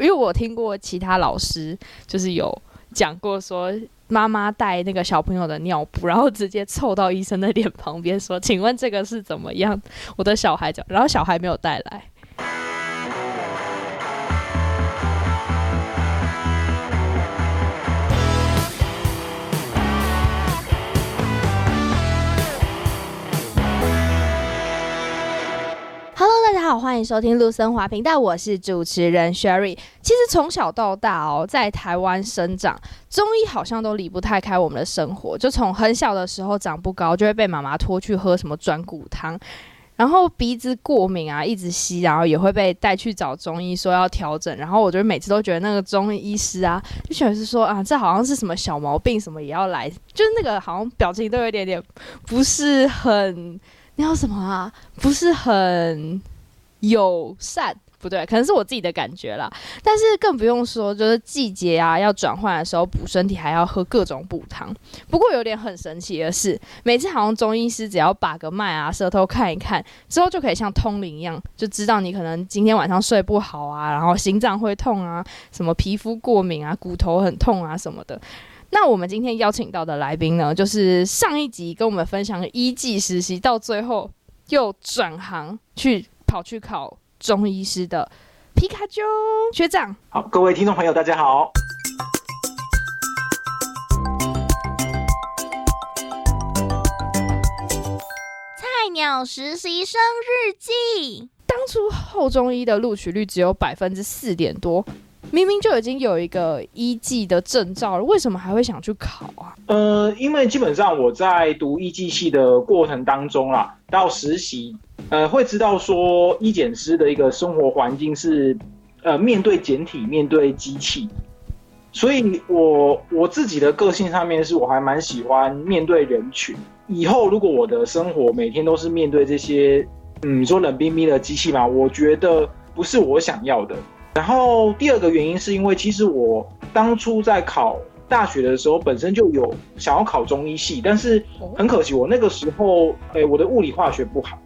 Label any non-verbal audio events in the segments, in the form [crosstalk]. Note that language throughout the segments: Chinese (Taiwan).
因為我聽過其他老師就是有講過說，媽媽帶那個小朋友的尿布，然後直接湊到醫生的臉旁邊說：“請問這個是怎麼樣？我的小孩叫……然後小孩沒有帶來。”好，歡迎收聽路森華頻道，我是主持人 Sherry。其實從小到大哦，在台灣生長，中醫好像都離不太開我們的生活。就從很小的時候長不高，就會被媽媽拖去喝什麼轉骨湯，然後鼻子過敏啊，一直吸，然後也會被帶去找中醫說要調整。然後我就每次都覺得那個中醫師啊，就像是說啊，這好像是什麼小毛病，什麼也要來，就是那個好像表情都有點點不是很，你要什麼啊？不是很。友善，不對，可能是我自己的感覺啦。但是更不用說，就是季節啊要轉換的時候補身體，還要喝各種補湯。不過有點很神奇的是，每次好像中醫師只要把個脈啊，舌頭看一看之後，就可以像通靈一樣，就知道你可能今天晚上睡不好啊，然後心臟會痛啊，什麼皮膚過敏啊，骨頭很痛啊什麼的。那我們今天邀請到的來賓呢，就是上一集跟我們分享的醫技實習，到最後又轉行去。跑去考中醫師的皮卡啾學長。好，各位聽眾朋友，大家好，《菜鳥實習生日記》。當初後中醫的錄取率只有百分之四點多，明明就已經有一個醫技的證照了，為什麼還會想去考啊？呃，因為基本上我在讀醫技系的過程當中啦，到實習。呃，會知道說，醫檢師的一個生活環境是，呃，面對檢體，面對機器，所以我我自己的個性上面是我還蠻喜歡面對人群。以後如果我的生活每天都是面對這些，嗯，你說冷冰冰的機器嘛，我覺得不是我想要的。然後第二個原因是因為，其實我當初在考大學的時候，本身就有想要考中醫系，但是很可惜，我那個時候，哎、欸，我的物理化學不好。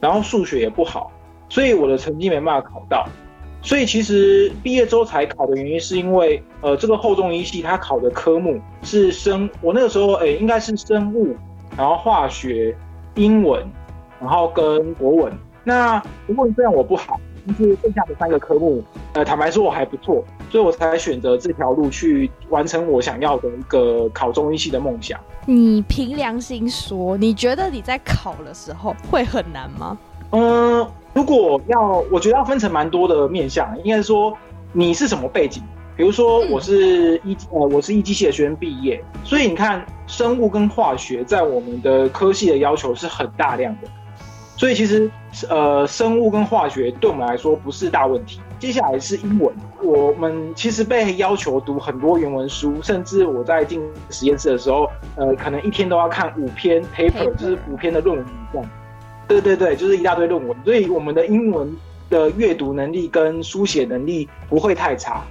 然後數學也不好，所以我的成績沒辦法考到，所以其實畢業之後才考的原因是因為，呃，這個後中醫系它考的科目是生，我那個時候誒、欸、應該是生物，然後化學、英文，然後跟國文。那如果你這樣我不好。就是剩下的三個科目，呃，坦白說我還不錯，所以我才選擇這條路去完成我想要的一個考中醫系的夢想。你憑良心說，你覺得你在考的時候會很難嗎？嗯，如果要，我覺得要分成蠻多的面向，應該說你是什麼背景？比如說，我是一呃，嗯、我是一機械的學生畢業，所以你看生物跟化學在我們的科系的要求是很大量的。所以其實，呃，生物跟化學對我們來說不是大問題。接下來是英文，我們其實被要求讀很多原文書，甚至我在進實驗室的時候，呃，可能一天都要看五篇 paper，paper 了，就是五篇的論文這樣，對對對，就是一大堆論文。所以我們的英文的閱讀能力跟書寫能力不會太差。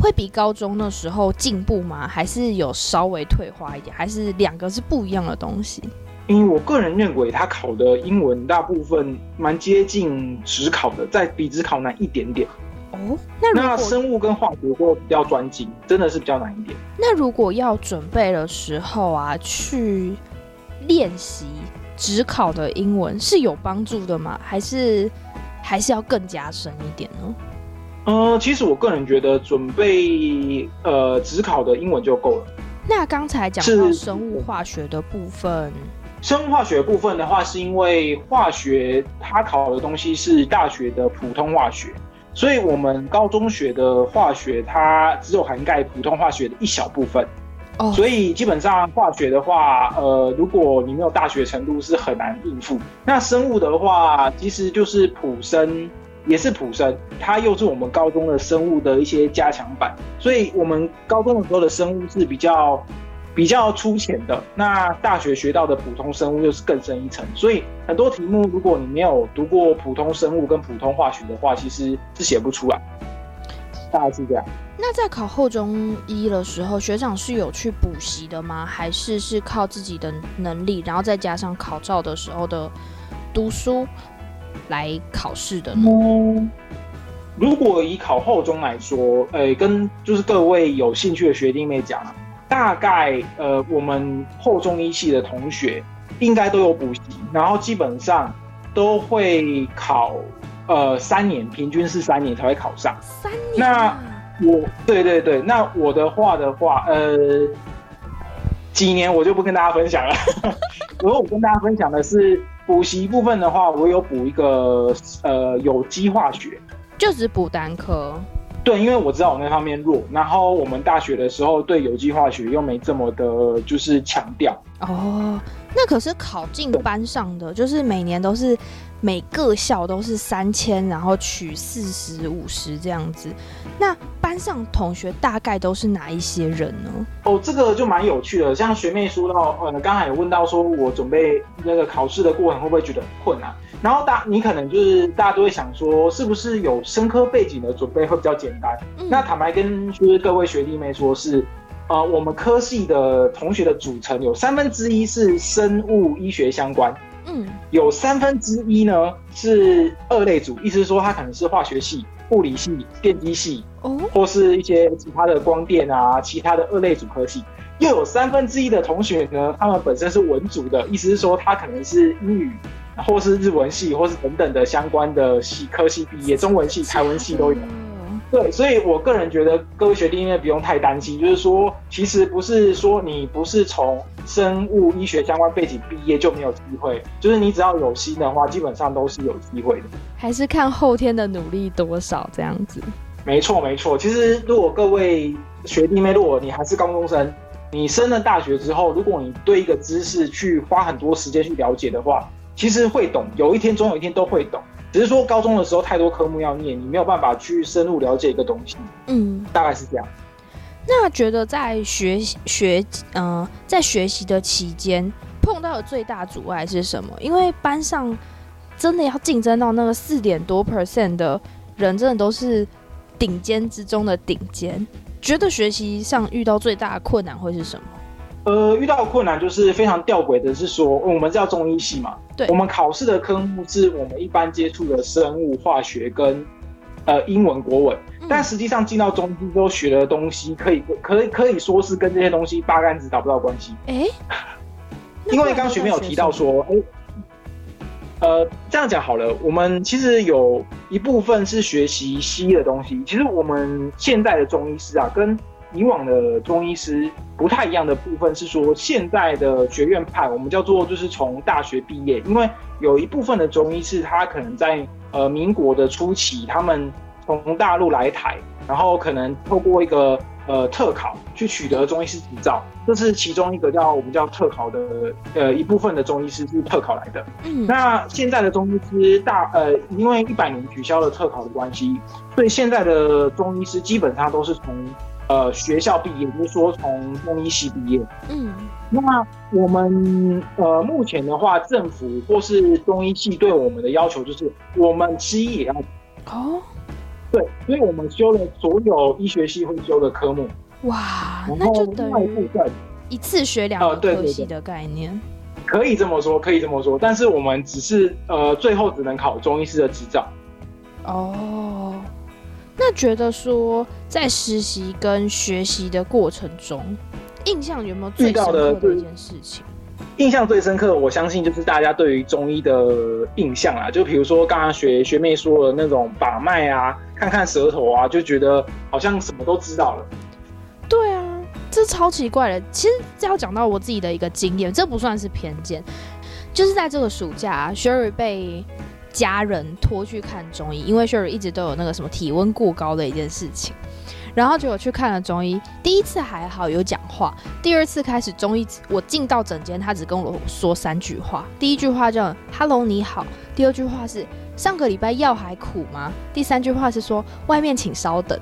會比高中的時候進步嗎？還是有稍微退化一點？還是兩個是不一樣的東西？因為我個人認為，他考的英文大部分蠻接近指考的，再比指考難一點點。哦，那，如果那生物跟化學會比較專精，真的是比較難一點。那如果要準備的時候啊，去練習指考的英文是有幫助的嗎？還是還是要更加深一點呢？呃，其實我個人覺得準備呃指考的英文就夠了。那剛才講到生物化學的部分。生物化學的部分的話，是因為化學它考的東西是大學的普通化學，所以我們高中學的化學它只有涵蓋普通化學的一小部分，所以基本上化學的話，呃，如果你沒有大學程度是很難應付。那生物的話，其實就是普生，也是普生，它又是我們高中的生物的一些加強版，所以我們高中的時候的生物是比較。比較粗淺的，那大學學到的普通生物就是更深一層，所以很多題目如果你沒有讀過普通生物跟普通化學的話，其實是寫不出來。大概是這樣。那在考後中醫的時候，學長是有去補習的嗎？還是是靠自己的能力，然後再加上考照的時候的讀書來考試的呢、嗯？如果以考後中來說，誒、欸，跟就是各位有興趣的學弟妹講。大概呃，我們後中醫系的同學應該都有補習，然後基本上都會考呃三年，平均是三年才會考上。三年啊。那我對對對，那我的話的話，呃，幾年我就不跟大家分享了。然 [laughs] 後 [laughs] 我跟大家分享的是補習部分的話，我有補一個呃有機化學，就只補單科。對，因為我知道我那方面弱，然後我們大學的時候對有機化學又沒這麼的，就是強調。哦，那可是考進班上的，對就是每年都是每個校都是三千，然後取四十五十這樣子。那班上同學大概都是哪一些人呢？哦，這個就蠻有趣的。像學妹說到，呃，剛才有問到說，我準備那個考試的過程會不會覺得很困難啊？然後大，你可能就是大家都會想說，是不是有生科背景的準備會比較簡單？嗯、那坦白跟就是各位學弟妹說是，是、呃，我們科系的同學的組成有三分之一是生物醫學相關，嗯，有三分之一呢是二類組，意思是說他可能是化學系、物理系、電機系，哦，或是一些其他的光電啊、其他的二類組科系，又有三分之一的同學呢，他們本身是文組的，意思是說他可能是英語。或是日文系，或是等等的相關的系科系畢業，中文系、台文系都有。對，所以我個人覺得各位學弟妹不用太擔心，就是說，其實不是說你不是從生物醫學相關背景畢業就沒有機會，就是你只要有心的話，基本上都是有機會的。還是看後天的努力多少這樣子。沒錯，沒錯。其實如果各位學弟妹，如果你還是高中生，你升了大學之後，如果你對一個知識去花很多時間去了解的話，其實會懂，有一天總有一天都會懂，只是說高中的時候太多科目要念，你沒有辦法去深入了解一個東西。嗯，大概是這樣。那覺得在學習學，嗯，呃，在學習的期間碰到的最大的阻礙是什麼？因為班上真的要競爭到那個四點多 percent 的人，真的都是頂尖之中的頂尖。覺得學習上遇到最大的困難會是什麼？呃，遇到的困難就是非常吊詭的是說，嗯，我們是叫中醫系嘛。對我們考試的科目是我們一般接觸的生物化學跟，呃，英文國文，嗯、但實際上進到中醫都學的東西，可以可以可以說是跟這些東西八竿子打不到關係。哎、欸，因為剛剛學妹有提到說，哎、欸，呃，這樣講好了，我們其實有一部分是學習西醫的東西，其實我們現在的中醫師啊，跟以往的中醫師不太一樣的部分是說，現在的學院派，我們叫做就是從大學畢業，因為有一部分的中醫師他可能在呃民國的初期，他們從大陸來台，然後可能透過一個呃特考去取得中醫師執照，這是其中一個叫我們叫特考的呃一部分的中醫師是特考來的。那現在的中醫師大呃，因為一百年取消了特考的關係，所以現在的中醫師基本上都是從，呃，學校畢業，就是說從中醫系畢業。嗯，那我們呃目前的話，政府或是中醫系對我們的要求就是，我們西醫也要哦，對，所以我們修了所有醫學系會修的科目。哇，那就等於一次學兩呃科系的概念，呃對對對對，可以這麼說，可以這麼說，但是我們只是呃最後只能考中醫師的執照。哦。那覺得說，在實習跟學習的過程中，印象有沒有最深刻的一件事情？印象最深刻的，我相信就是大家對於中醫的印象啦。就比如說剛剛學學妹說的那種把脈啊，看看舌頭啊，就覺得好像什麼都知道了。對啊，這超奇怪的。其實這要講到我自己的一個經驗，這不算是偏見，就是在這個暑假啊，Sherry 被。家人拖去看中醫，因為 Sherry 一直都有那個什麼體溫過高的一件事情，然後結果去看了中醫，第一次還好有講話，第二次開始中醫，我進到診間，他只跟我說三句話，第一句話叫 “Hello，你好”，第二句話是“上個禮拜藥還苦嗎”，第三句話是說“外面請稍等”。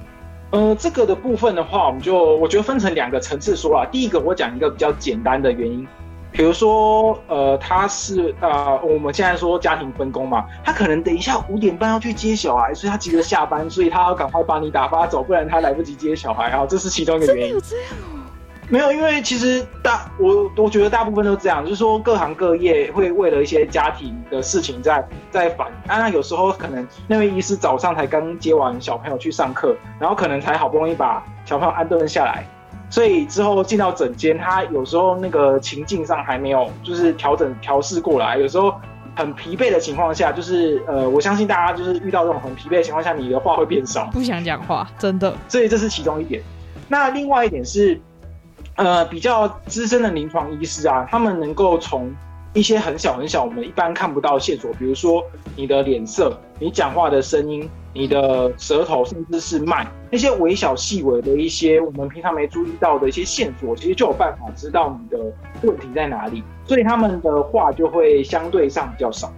呃，這個的部分的話，我們就我覺得分成兩個層次說啊，第一個我講一個比較簡單的原因。比如說，呃，他是呃，我們現在說家庭分工嘛，他可能等一下五點半要去接小孩，所以他急着下班，所以他要趕快把你打發走，不然他來不及接小孩啊，這是其中一個原因。沒有，因為其實大我我覺得大部分都這樣，就是說各行各業會為了一些家庭的事情在在煩，啊，那有時候可能那位醫師早上才剛接完小朋友去上課，然後可能才好不容易把小朋友安頓下來。所以之後進到診間，他有時候那個情境上還沒有就是調整調試過來，有時候很疲憊的情況下，就是呃，我相信大家就是遇到這種很疲憊的情況下，你的話會變少，不想講話，真的。所以這是其中一點。那另外一點是，呃，比較資深的臨床醫師啊，他們能夠從。一些很小很小，我們一般看不到線索，比如說你的臉色、你講話的聲音、你的舌頭，甚至是脈，那些微小細微的一些我們平常沒注意到的一些線索，其實就有辦法知道你的問題在哪裡。所以他們的話就會相對上比較少。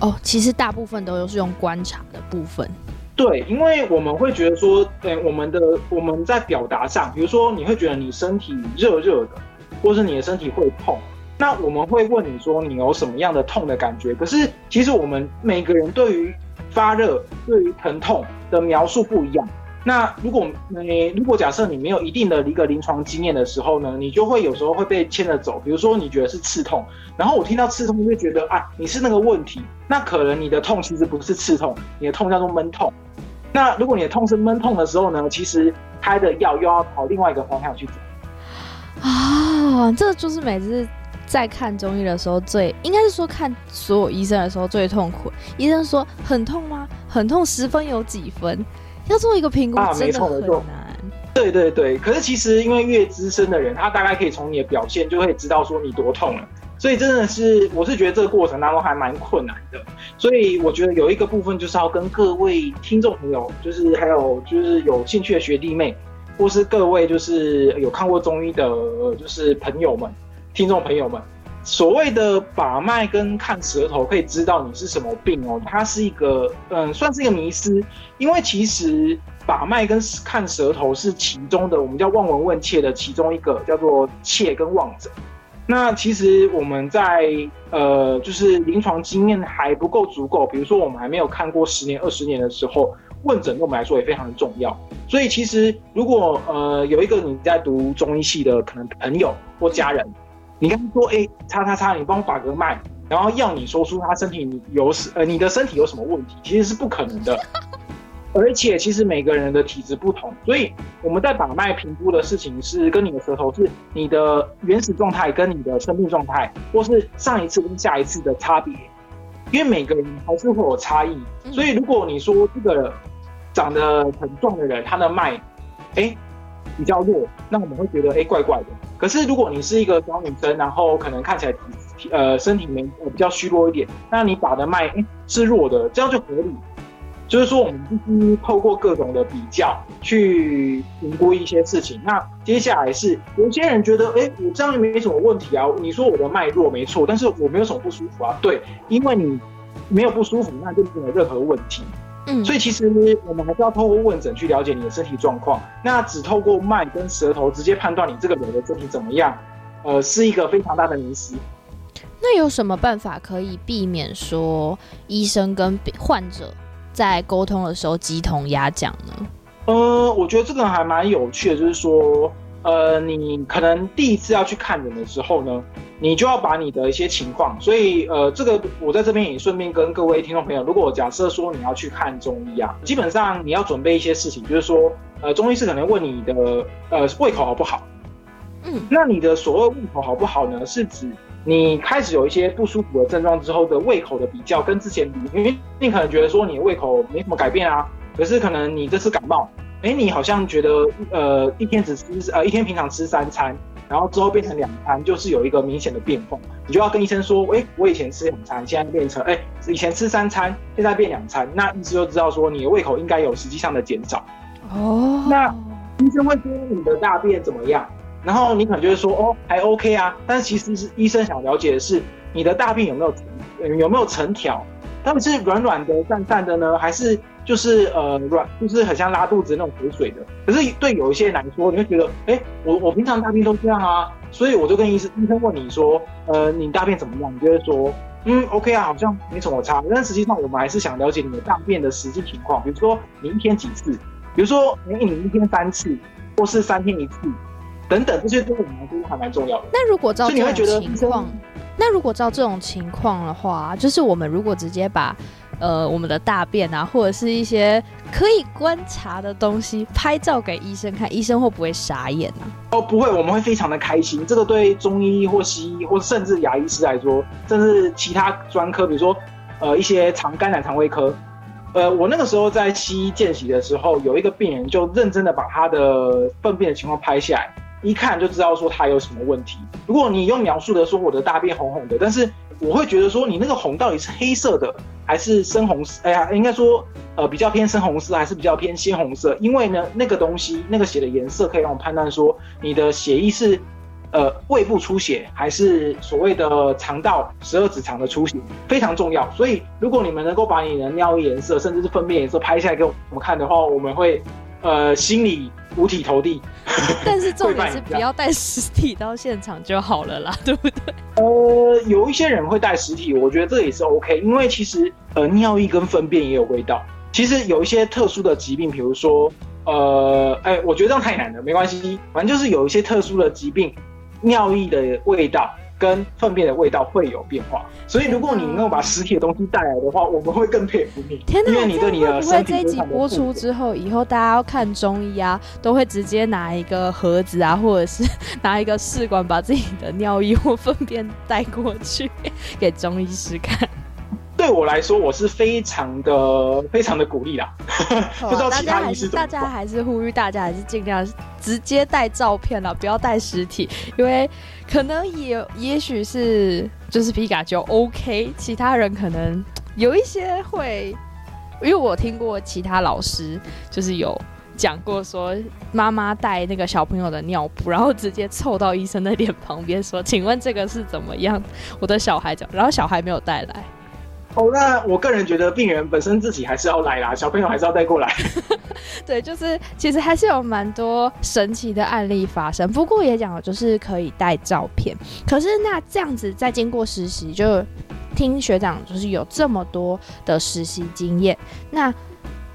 哦，其實大部分都都是用觀察的部分。對，因為我們會覺得說，誒、欸，我們的我們在表達上，比如說你會覺得你身體熱熱的，或是你的身體會痛。那我們會問你說你有什麼樣的痛的感覺？可是其實我們每個人對於發熱、對於疼痛的描述不一樣。那如果你、呃、如果假設你沒有一定的一個臨床經驗的時候呢，你就會有時候會被牽着走。比如說你覺得是刺痛，然後我聽到刺痛就會覺得啊，你是那個問題。那可能你的痛其實不是刺痛，你的痛叫做悶痛。那如果你的痛是悶痛的時候呢，其實開的藥又要跑另外一個方向去走。啊，這就是每次。在看中醫的時候最，最應該是說看所有醫生的時候最痛苦。醫生說很痛嗎？很痛十分有幾分？要做一個評估真的很難。啊沒錯沒錯。對對對，可是其實因為越資深的人，他大概可以從你的表現就會知道說你多痛了，所以真的是我是覺得這個過程當中還蠻困難的。所以我覺得有一個部分就是要跟各位聽眾朋友，就是還有就是有興趣的學弟妹，或是各位就是有看過中醫的，就是朋友們，聽眾朋友們，所謂的把脈跟看舌頭可以知道你是什麼病哦，它是一個嗯，算是一個迷思。因為其實把脈跟看舌頭是其中的，我們叫望聞問切的其中一個，叫做切跟望診。那其實我們在呃，就是臨床經驗還不夠足夠，比如說我們還沒有看過十年、二十年的時候，問診對我們來說也非常的重要。所以其實如果呃有一個你在讀中醫系的可能朋友或家人，你剛才說，哎，叉叉叉，你幫我把個脈，然後要你說出他身體你有什呃你的身體有什麼問題，其實是不可能的。而且，其實每個人的體質不同，所以我們在把脈評估的事情是跟你的舌頭是你的原始狀態跟你的生命狀態，或是上一次跟下一次的差別，因為每個人還是會有差異。所以，如果你說這個長得很壯的人，他的脈，哎，比較弱，那我們會覺得，哎，怪怪的。可是，如果你是一個小女生，然後可能看起來，呃，身體沒比較虛弱一點，那你打的脈哎、欸、是弱的，這樣就合理。就是說，我們必須透過各種的比較去評估一些事情。那接下來是有些人覺得，哎、欸，我這樣也沒什麼問題啊。你說我的脈弱沒錯，但是我沒有什麼不舒服啊。對，因為你沒有不舒服，那就沒有任何問題。嗯，所以其實我們還是要透過問診去了解你的身體狀況。那只透過脈跟舌頭直接判斷你這個人的身體怎麼樣，呃，是一個非常大的迷思。那有什麼辦法可以避免說醫生跟患者在溝通的時候雞同鴨講呢？呃，我覺得這個還蠻有趣的，就是說，呃，你可能第一次要去看診的時候呢。你就要把你的一些情況，所以呃，這個我在這邊也順便跟各位聽眾朋友，如果我假設說你要去看中醫啊，基本上你要準備一些事情，就是說，呃，中醫是可能問你的，呃，胃口好不好？嗯，那你的所謂胃口好不好呢？是指你開始有一些不舒服的症狀之後的胃口的比較跟之前比，因為你可能覺得說你的胃口沒什麼改變啊，可是可能你這次感冒，哎、欸，你好像覺得呃，一天只吃呃，一天平常吃三餐。然後之後變成兩餐，就是有一個明顯的變動，你就要跟醫生說，誒我以前吃兩餐，現在變成，誒以前吃三餐，現在變兩餐，那醫生就知道說你的胃口應該有實際上的減少。哦、oh.，那醫生會問你的大便怎麼樣，然後你可能就會說，哦，還 OK 啊，但是其實是醫生想了解的是你的大便有沒有有沒有成條，到底是軟軟的、散散的呢，還是？就是呃軟，就是很像拉肚子那種水水的。可是對有一些人來說，你會覺得，哎、欸，我我平常大便都這樣啊，所以我就跟醫生，醫生問你說，呃，你大便怎麼樣？你就會說，嗯，OK 啊，好像沒什麼差。但實際上，我們還是想了解你的大便的實際情況，比如說你一天幾次，比如說明、欸、你一天三次，或是三天一次，等等，這些對我們來說還蠻重要的。那如果照這種情況，那如果照這種情況的話，就是我們如果直接把。呃，我們的大便啊，或者是一些可以觀察的東西，拍照給醫生看，醫生會不會傻眼呢啊？哦，不會，我們會非常的開心。這個對中醫或西醫，或甚至牙醫師來說，甚至其他專科，比如說呃一些腸肝膽腸胃科，呃，我那個時候在西醫見習的時候，有一個病人就認真的把他的糞便的情況拍下來，一看就知道說他有什麼問題。如果你用描述的說，我的大便紅紅的，但是。我會覺得說，你那個紅到底是黑色的還是深紅色？哎呀，應該說，呃，比較偏深紅色還是比較偏鮮紅色？因為呢，那個東西，那個血的顏色可以讓我判斷說，你的血液是，呃，胃部出血還是所謂的腸道十二指腸的出血，非常重要。所以，如果你們能夠把你的尿液顏色，甚至是糞便顏色拍下來給我們看的話，我們會，呃，心裡。五體投地，但是重點是不要帶實體到現場就好了啦，對不對？呃，有一些人會帶實體，我覺得這也是 OK，因為其實呃尿液跟糞便也有味道。其實有一些特殊的疾病，比如說呃，哎、欸，我覺得這樣太難了，沒關係，反正就是有一些特殊的疾病，尿液的味道。跟糞便的味道會有變化，所以如果你能夠把實體的東西帶來的話，天哪，帶來的話，我們會更佩服你。天哪，因為你對你的。這一集播出之後，以後大家要看中醫啊，都會直接拿一個盒子啊，或者是拿一個試管，把自己的尿液或糞便帶過去給中醫師看。對我來說，我是非常的、非常的鼓勵啦。 [laughs] 啊、不知道其他醫師怎麼，大家，大家還是呼籲大家，還是盡量直接帶照片了，不要帶實體，因為可能也也許是就是皮卡啾 OK，其他人可能有一些會，因為我聽過其他老師就是有講過說，媽媽帶那個小朋友的尿布，然後直接湊到醫生的臉旁邊說：“請問這個是怎麼樣？我的小孩講，然後小孩沒有帶來。”哦，oh, 那我個人覺得病人本身自己還是要來啦，小朋友還是要帶過來。 [laughs] 對，就是其實還是有蠻多神奇的案例發生。不過也講了，就是可以帶照片。可是那這樣子，再經過實習，就聽學長就是有這麼多的實習經驗。那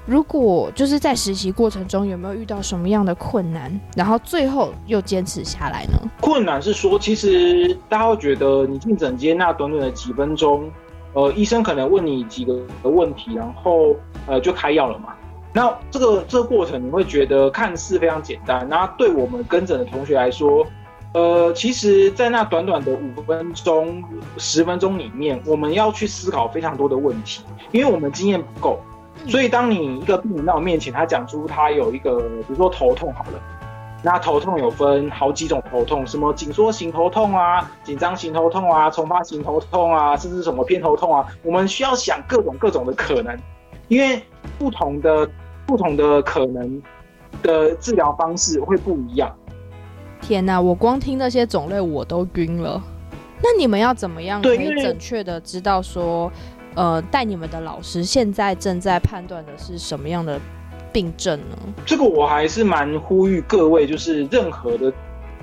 如果就是在實習過程中有沒有遇到什麼樣的困難，然後最後又堅持下來呢？困難是說，其實大家會覺得你進診間那短短的幾分鐘。呃，醫生可能問你幾個問題，然後呃就開藥了嘛。那這個這個過程你會覺得看似非常簡單，那對我們跟診的同學來說，呃，其實，在那短短的五分鐘、十分鐘裡面，我們要去思考非常多的問題，因為我們經驗不夠。所以，當你一個病人到我面前，他講出他有一個，比如說頭痛，好了。那頭痛有分好幾種頭痛，什麼緊縮型頭痛啊，緊張型頭痛啊，叢發型頭痛啊，甚至什麼偏頭痛啊，我們需要想各種各種的可能，因為不同的不同的可能的治療方式會不一樣。天哪、啊，我光聽那些種類我都暈了。那你們要怎麼樣可以準確的知道說，因呃，帶你們的老師現在正在判斷的是什麼樣的？病症呢？這個我還是蠻呼籲各位，就是任何的，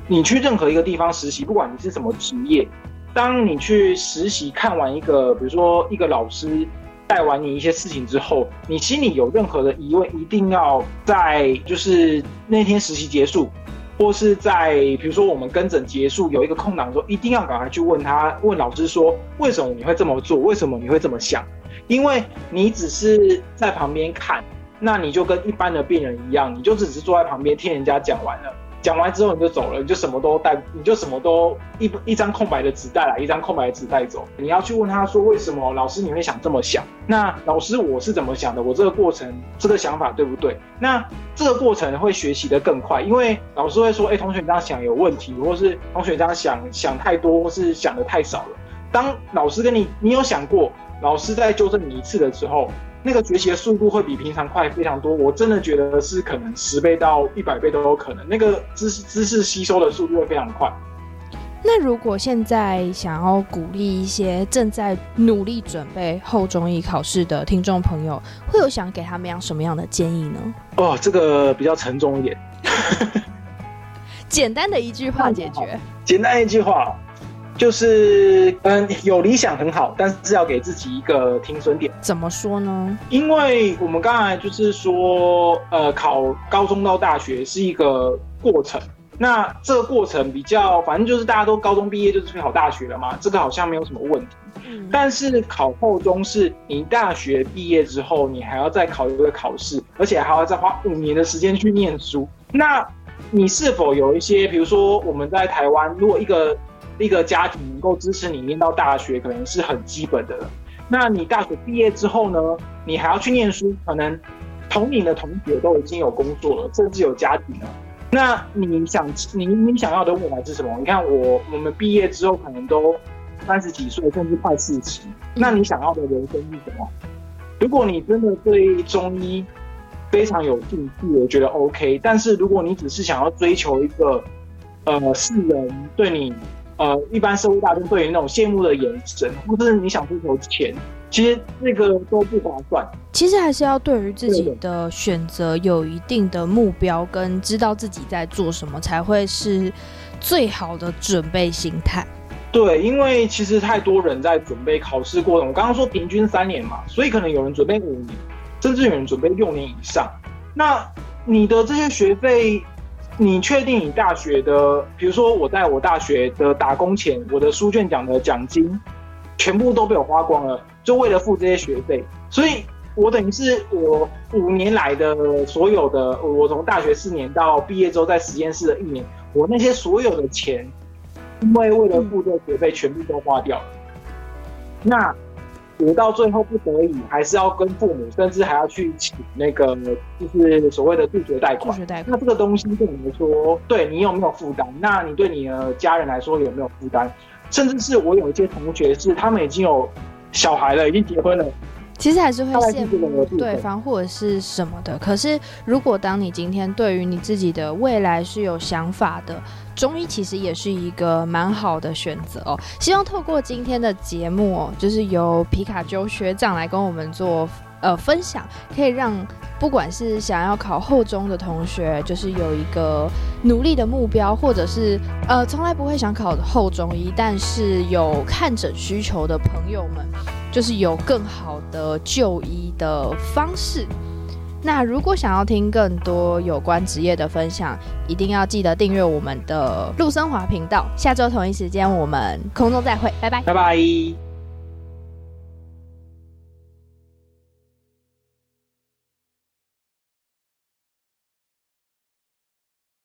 你去任何一個地方實習，不管你是什麼職業，當你去實習看完一個，比如說一個老師帶完你一些事情之後，你心裡有任何的疑問，一定要在就是那天實習結束，或是在比如說我們跟診結束有一個空檔的時候，一定要趕快去問他，問老師說為什麼你會這麼做，為什麼你會這麼想？因為你只是在旁邊看。那你就跟一般的病人一樣，你就只是坐在旁邊聽人家講完了，講完之後你就走了，你就什麼都帶，你就什麼都一一張空白的紙帶來，一張空白的紙帶走。你要去問他說為什麼老師你會想這麼想？那老師我是怎麼想的？我這個過程這個想法對不對？那這個過程會學習的更快，因為老師會說：“誒，同學你這樣想有問題，或是同學這樣想想太多，或是想的太少了。”當老師跟你你有想過，老師在糾正你一次的時候，那個學習的速度會比平常快非常多，我真的覺得是可能十倍到一百倍都有可能。那個知識知識吸收的速度會非常快。那如果現在想要鼓勵一些正在努力準備後中醫考試的聽眾朋友，會有想給他們樣什麼樣的建議呢？哦，這個比較沉重一點， [laughs] 簡單的一句話解決，嗯、簡單一句話。就是嗯，有理想很好，但是要給自己一個停損點。怎麼說呢？因為我們剛才就是說，呃，考高中到大學是一個過程。那這個過程比較，反正就是大家都高中畢業就是去考大學了嘛，這個好像沒有什麼問題。嗯、但是考後中是你大學畢業之後，你還要再考一個考試，而且還要再花五年的時間去念書。那你是否有一些，比如說我們在台灣，如果一個。一個家庭能夠支持你念到大學，可能是很基本的了。那你大學畢業之後呢？你還要去念書，可能同齡的同學都已經有工作了，甚至有家庭了。那你想，你你想要的未來是什麼？你看我我們畢業之後，可能都三十幾歲，甚至快四十。那你想要的人生是什麼？如果你真的對中醫非常有興趣，我覺得 OK。但是如果你只是想要追求一個呃世人對你。呃，一般社會大眾對於那種羨慕的眼神，或者是你想追求錢，其實這個都不划算。其實還是要對於自己的選擇有一定的目標，對對對跟知道自己在做什麼，才會是最好的準備心態。對，因為其實太多人在準備考試過程，我剛剛說平均三年嘛，所以可能有人準備五年，甚至有人準備六年以上。那你的這些學費？你確定你大學的，比如說我在我大學的打工錢，我的書卷獎的獎金，全部都被我花光了，就為了付這些學費。所以，我等於是我五年來的所有的，我從大學四年到畢業之後在實驗室的一年，我那些所有的錢，因為為了付這些學費，全部都花掉了。嗯、那。直到最後不得已，還是要跟父母，甚至還要去請那個，就是所謂的助學貸款。助學貸款。那這個東西對你來說，對你有沒有負擔？那你對你的家人來說有沒有負擔？甚至是我有一些同學是他們已經有小孩了，已經結婚了，其實還是會羨慕對方或者是什麼的。可是，如果當你今天對於你自己的未來是有想法的。中醫其實也是一個蠻好的選擇哦。希望透過今天的節目，就是由皮卡啾學長來跟我們做呃分享，可以讓不管是想要考後中的同學，就是有一個努力的目標，或者是呃從來不會想考後中醫，但是有看診需求的朋友們，就是有更好的就醫的方式。那如果想要聽更多有關職業的分享，一定要記得訂閱我們的路森華頻道。下週同一時間，我們空中再會，拜拜，拜拜。